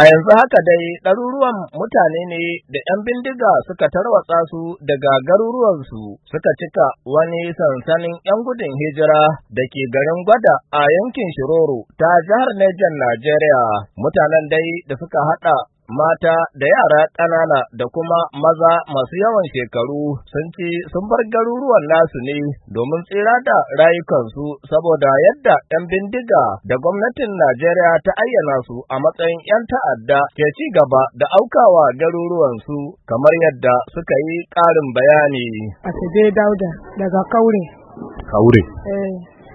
A yanzu haka dai ɗaruruwan mutane ne da ‘yan bindiga suka tarwatsa su daga garuruwansu suka cika wani sansanin ‘yan gudun hijira da ke garin gwada a yankin Shiroro ta jihar Nejan Najeriya. Mutanen dai da suka haɗa mata da yara ƙanana da kuma maza masu yawan shekaru sun ce sun bar garuruwan nasu ne domin tsira da rayukansu saboda yadda 'yan bindiga da gwamnatin Najeriya ta ayyana su a matsayin 'yan ta'adda ke ci gaba da aukawa garuruwansu kamar yadda suka yi ƙarin bayani. A Dauda daga Kaure. Kaure. Eh,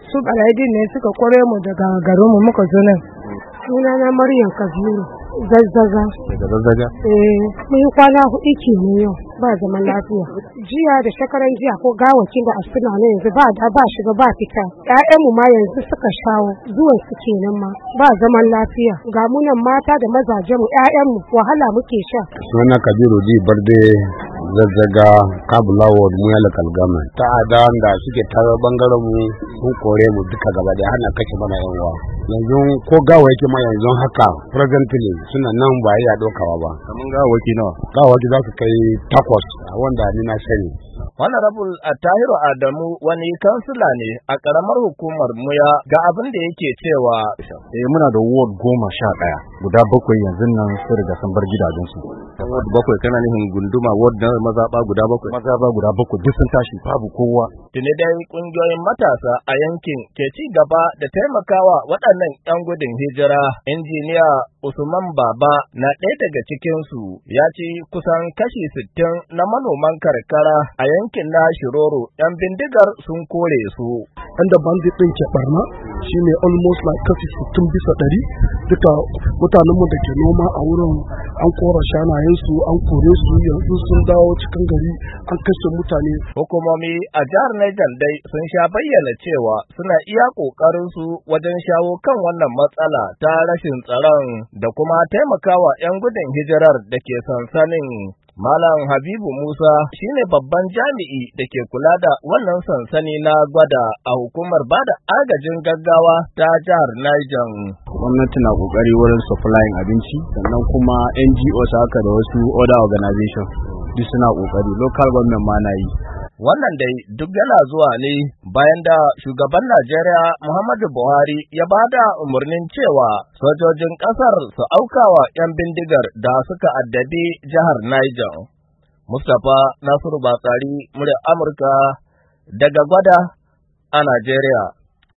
su ne suka kware mu daga garinmu muka zo nan. Sunana Maryam Kabiru. zazzaga daga zazzaga eh mun kwana hudu ke ne yau ba zaman lafiya jiya da shekaran jiya ko gawakin da asuna ne yanzu ba da ba shiga ba fita ƴaƴan mu ma yanzu suka shawo zuwan su kenan ma ba zaman lafiya ga munan mata da mazajen mu ƴaƴan mu wahala muke sha sunan kabiru di barde zazzaga kabula wa mu ta adan da suke tara bangaren mu sun kore mu duka gaba da hana kashe mana yawa yanzu ko gawa yake ma yanzu haka presently suna nan ba ya dokawa ba kaman ki nawa gawaki za ka kai takwas wanda ni na sani Honorable Atahiru Adamu wani kansila ne a ƙaramar hukumar Muya ga abin da yake cewa. Eh muna da ward goma sha ɗaya. guda bakwai yanzu nan sai riga sun bar gidajensu. Ward bakwai kana nufin gunduma ward na mazaɓa guda bakwai. Mazaɓa guda bakwai duk sun tashi babu kowa. Tune dai ƙungiyoyin matasa a yankin ke ci gaba da taimakawa waɗannan 'yan gudun hijira. Injiniya Usman Baba na ɗaya daga cikinsu ya ci kusan kashi sittin na manoman karkara a yankin na Shiroro 'yan bindigar sun kore su. inda bandit ɗin ke barna shine almost like kashi sittin bisa ɗari duka mutanen mu da ke noma a wurin an kora shanayen an kore su yanzu sun dawo cikin gari an kashe mutane hukumomi a jihar Niger dai sun sha bayyana cewa suna iya ƙoƙarin su wajen shawo kan wannan matsala ta rashin tsaron da kuma taimakawa 'yan gudun hijirar da ke sansanin Malam Habibu Musa shi ne babban jami'i da ke kula da wannan sansani na gwada a hukumar ba da agajin gaggawa ta jihar Niger. Gwamnati na kokari wurin supplying abinci sannan kuma ngo haka da wasu other organization duk suna kokari local government ma na yi. Wannan dai duk yana zuwa ne bayan da shugaban Najeriya Muhammadu Buhari ya ba da umarnin cewa sojojin ƙasar su aukawa 'yan bindigar da suka addabi jihar Niger. Mustapha Nasiru Batsari, murya Amurka daga gwada a Najeriya.